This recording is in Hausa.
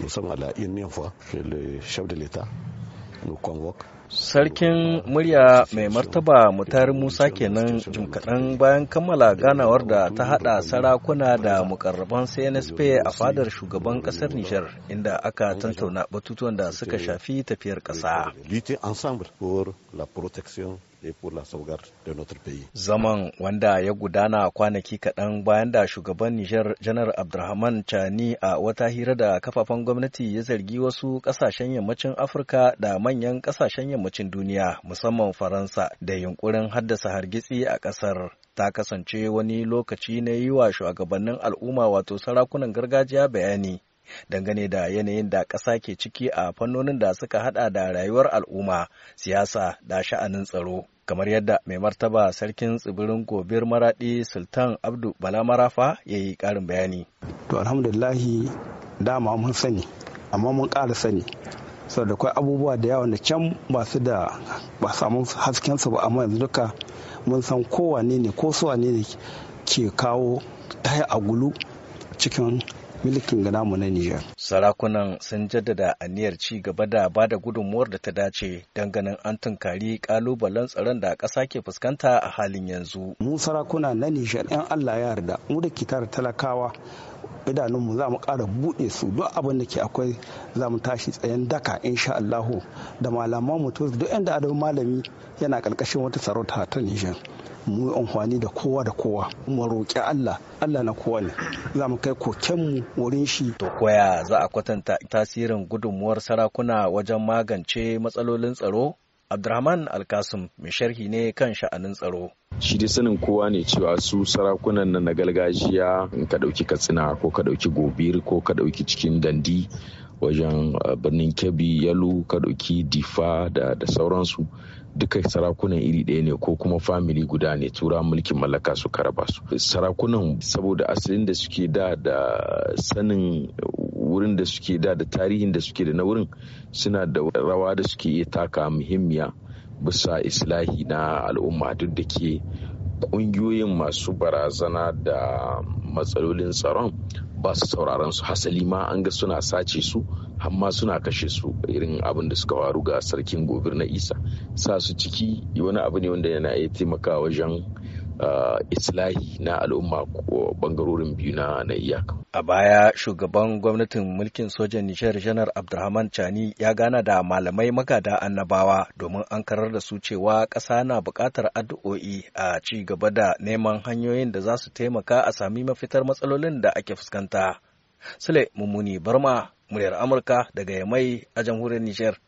Nous sommes à la unième fois chez le chef de l'État. Nous convoque Sarkin murya mai martaba mutari Musa kenan jim kaɗan bayan kammala ganawar da ta haɗa sarakuna da mukarraban CNSP a fadar shugaban ƙasar Nijar inda aka tantauna batutuwan da suka shafi tafiyar ƙasa. et pour la sauvegarde de notre pays. Zaman wanda ya gudana kwanaki kaɗan bayan da shugaban Nijar Janar Abdurrahman Chani a wata hira da kafafen gwamnati ya zargi wasu ƙasashen yammacin Afirka da manyan ƙasashen yammacin duniya musamman Faransa da yunkurin haddasa hargitsi a ƙasar. ta kasance wani lokaci na yi wa shugabannin al'umma wato sarakunan gargajiya bayani dangane da yanayin da ƙasa ke ciki a fannonin da suka hada da rayuwar al'umma siyasa da sha'anin tsaro kamar yadda mai martaba sarkin tsibirin gobir maradi sultan abdu bala marafa ya yi karin bayani to alhamdulillahi dama mun sani amma mun ƙara sani sau da akwai abubuwa da yawa da can ba su da ba samun haskensu ba amma yanzu duka mun san kowane ne ko ne ke kawo taya a gulu cikin milikin ga namu na Nijar. Sarakunan sun jaddada aniyar ci gaba da ba da gudunmuwar da ta dace don ganin an tunkari kalubalen tsaron da ƙasa ke fuskanta a halin yanzu. Mu sarakuna na Nijar 'yan Allah ya yarda mu da kitar talakawa idanunmu za mu ƙara buɗe su duk abin da ke akwai za mu tashi tsayen daka insha Allahu da malaman mu duk inda adabin malami yana ƙarƙashin wata sarauta ta Nijar. mu yi amfani da kowa da kowa mu roƙi Allah Allah na kowa ne za mu kai kokenmu wurin shi to koya za a kwatanta tasirin gudunmuwar sarakuna wajen magance matsalolin tsaro Abdurrahman Alkasum mai sharhi ne kan sha'anin tsaro. Shi dai sanin kowa ne cewa su sarakunan na gargajiya ka ɗauki katsina ko ka ɗauki gobir ko ka ɗauki cikin dandi wajen uh, birnin kebbi yalu ka ɗauki difa da sauransu duka sarakunan iri ɗaya ne ko kuma famili guda ne tura mulkin mallaka su karaba su sarakunan saboda asalin da suke da da sanin wurin da suke da da tarihin da suke da na wurin suna da rawa da suke iya taka muhimmiya bisa islahi na al'umma duk da ke ƙungiyoyin masu barazana da matsalolin tsaron ba su sauraron su hasali ma an ga suna sace su amma suna kashe su irin abin da suka faru ga sarkin gobir na isa sa su ciki wani abu ne wanda yana iya taimakawa wajen Uh, islahi na al'umma ko bangarorin biyu na na iyaka. A baya shugaban gwamnatin mulkin sojan Nijar Janar Abdulrahman Chani ya gana da malamai magada annabawa domin an karar da su cewa ƙasa na buƙatar addu'o'i a ci gaba da neman hanyoyin da za su taimaka a sami mafitar matsalolin da ake fuskanta. Sule Mummuni Barma, muryar Amurka daga Yamai a jamhuriyar Nijar.